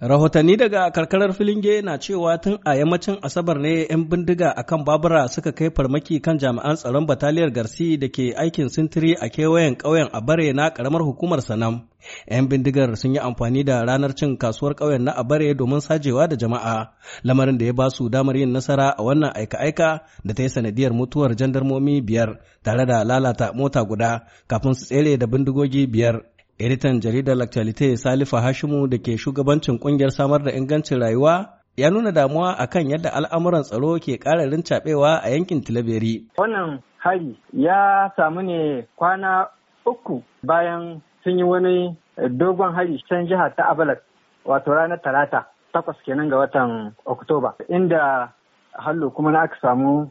Rahotanni daga karkarar Filinge na cewa tun a yammacin Asabar ne 'yan bindiga a kan babura suka kai farmaki kan jami'an tsaron bataliyar Garsi da ke aikin sintiri a kewayen ƙauyen Abare na ƙaramar hukumar Sanam. 'Yan bindigar sun yi amfani da ranar cin kasuwar ƙauyen na Abare domin sajewa da jama'a, lamarin da ya ba su damar yin nasara a wannan aika-aika da ta yi sanadiyar mutuwar jandarmomi biyar tare da lalata mota guda kafin su tsere da bindigogi biyar. Editan jaridar Lactalite Salifa Hashimu da ke shugabancin kungiyar samar da ingancin rayuwa ya nuna damuwa akan yadda al'amuran tsaro ke ƙara cabewa a yankin Tilaberi. Wannan hari ya samu ne kwana uku bayan sun yi wani dogon hari can jiha ta abalak wato ranar Talata takwas kenan ga watan Oktoba inda hallo kuma na aka samu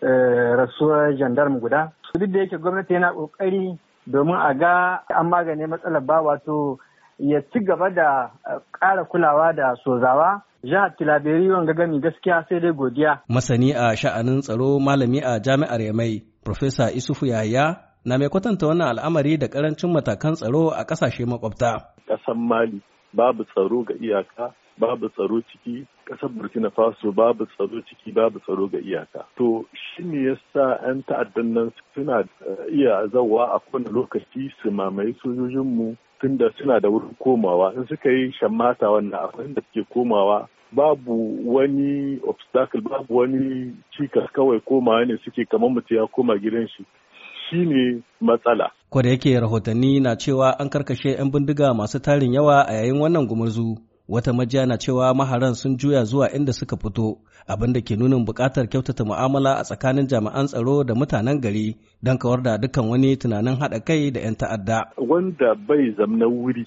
eh, rasuwar jandarmu guda. Duk da yake gwamnati yana ƙoƙari domin a ga an magane matsalar ba wato ya ci gaba da eh, ƙara kulawa da sozawa jihar tilaberi wanga gami gaskiya sai dai godiya. Masani a sha'anin tsaro malami a jami'ar Yamai, Profesa Isufu Yahaya na mai kwatanta wannan al'amari da karancin matakan tsaro a ƙasashe makwabta. ƙasar Mali babu tsaro ga iyaka babu tsaro ciki ƙasar burkina faso babu tsaro ciki babu tsaro ga iyaka to shi ne yasa 'yan ta'addan nan suna eh, iya zawa a kowane lokaci su mamaye sojojinmu tunda suna da wurin komawa in suka yi shammata wannan akwai inda suke komawa babu wani obstacle babu wani cikas kawai komawa ne suke kamar mutum ya koma gidan shi shi ne matsala. Ko da yake rahotanni na cewa an karkashe 'yan bindiga masu tarin yawa a yayin wannan gumurzu. wata majiya na cewa maharan sun juya zuwa inda suka fito abin da ke nunin buƙatar kyautata mu'amala a tsakanin jami'an tsaro da mutanen gari don kawar da dukkan wani tunanin haɗa kai da 'yan ta'adda. Wanda bai zamna wuri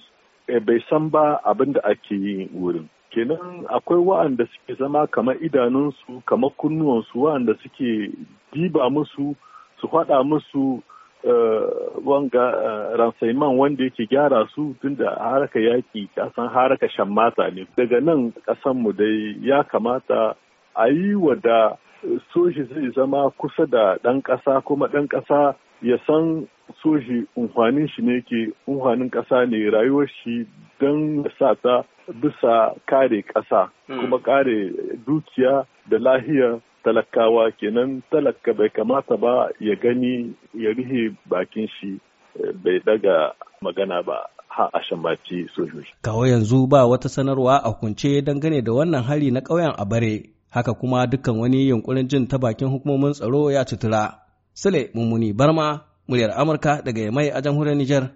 eh, bai san ba abin da ake yi wurin. Kenan akwai wa'anda suke zama kamar idanunsu kama kunnuwansu wa'anda suke diba musu su faɗa musu Eh, wanga eh, ransaiman wanda yake gyara su tunda haraka yaƙi kasan haraka shan mata ne daga nan mu dai ya kamata a yi wa da soji zai zama kusa da ɗan ƙasa kuma ɗan ƙasa ya san soji unhwanin shi ne ke unhwanin ƙasa ne rayuwar shi don sa ta bisa kare ƙasa hmm. kuma kare dukiya da lahiyar talakawa kenan talaka bai kamata ba ya gani ya rihe bakin shi eh, bai daga magana ba ha a shambaci sojoji. Kawo yanzu ba wata sanarwa a kunce dangane da wannan hari na ƙauyen a bare, haka kuma dukkan wani yunkurin jin ta bakin hukumomin tsaro ya cutura. Sule Mummuni Barma, muryar Amurka daga Yamai a jamhuriyar Nijar.